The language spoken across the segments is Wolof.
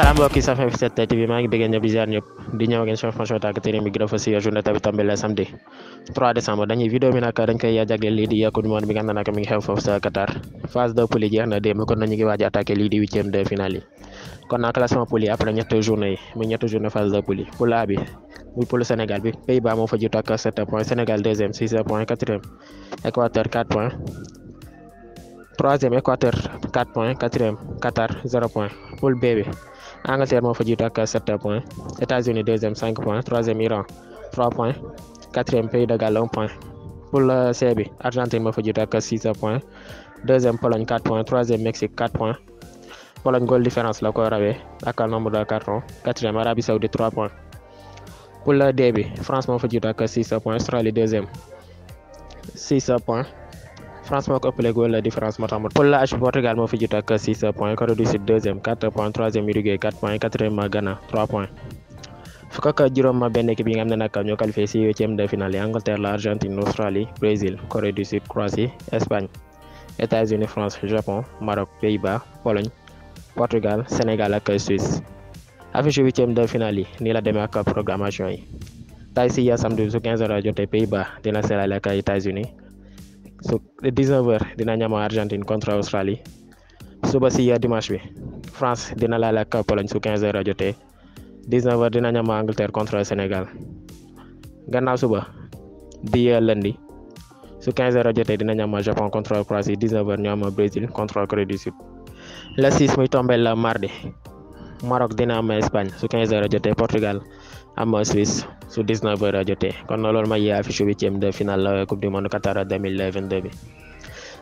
salaam mbokk yi safin 7 TV maa ngi bëggee ñëpp di ziar di ñëw ngeen chef fonction tàkk téere mi gën a fas yéene journée tamit tombé le samedi 3 décembre dañuy vidéo bi dañ koy yaa jagleel lii di yaa coupe du monde bi nga xam ne nag mi ngi xew foofu sa Qatar phase de poule jeex na démb kon nañu classement poule après ñetti journée yi muy ñetti journée phase de poule yi poule A bi muy poule Sénégal bi Pays-Bas moo fa jiitu ak 7 points troisième Équateur quatre points quatrième Qatar zéro point poule B bi Angleterre moo fa jiitu ak sept points États-Unis deuxième cinq points troisième Iran trois points quatrième Pays de Galles un point poule C bi Argentine moo fa jiitu ak six points deuxième Pologne quatre points troisième Mexique quatre points Pologne goal différence la ko rawee ak nombre de cartons quatrième Arabie Saoudite trois points poule D bi France moo fa jiitu ak six points Australie deuxième six points. France moo ko ëppale góol différence moo tax mu poule H Portugal moo fi jot ak 6 points Corée du Sud deuxième 4 Uruguay 4 points quatrième Ghana 3 points. fukk ak juróom benn yi nga xam ne nag ñoo qualifié ci de finale yi Angleterre la Argentine Australie Brésil Corée du Sud Croatie Espagne États-Unis France Japon Maroc Pays-Bas Pologne Portugal Sénégal ak Suisse. affiche huitième de finale yi nii la demee ak programmation yi. tay ya samedi su 19h dina ñama Argentine contre Australie suba si dimanche bi France dina laale ak Pologne su 15h jotee 19h dina ñama Angleterre contre Sénégal gannaaw suba di euh, lundi su 15h jotee dina ñama Japon contre Croatie 19h ñu am Brésil contre Corée du Sud le 6 muy tombé la mardi. Maroc dina am Espagne su 15 heures jotee Portugal am Suisse su 19 heures jotee kon loolu ma yee affiche huitième de finale euh, coupe du monde bi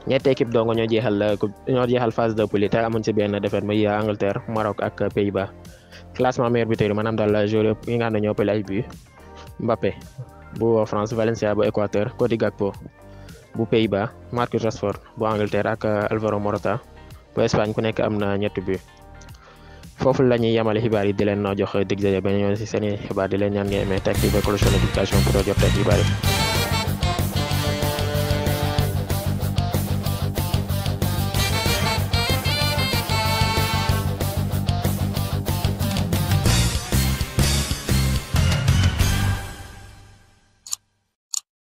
ñoo jeexal euh, coupe ñoo jeexal phase de poule ci benn défaite ma yee euh, Angleterre Maroc ak Pays-Bas classement meilleur buteur maanaam daal ñoo pële ay but Mbappé bu France Valencia bu Équateur Cody Gakpo bu Pays-Bas Marcus Rashford bu Angleterre ak Alvaro Morata ku nekk am na ñetti but foofu la ñuy yemale xibaar yi di leen jox dig daje benn yoon si di leen ñaan ngeen aimé te activé cloche notification pour jot xibaar yi.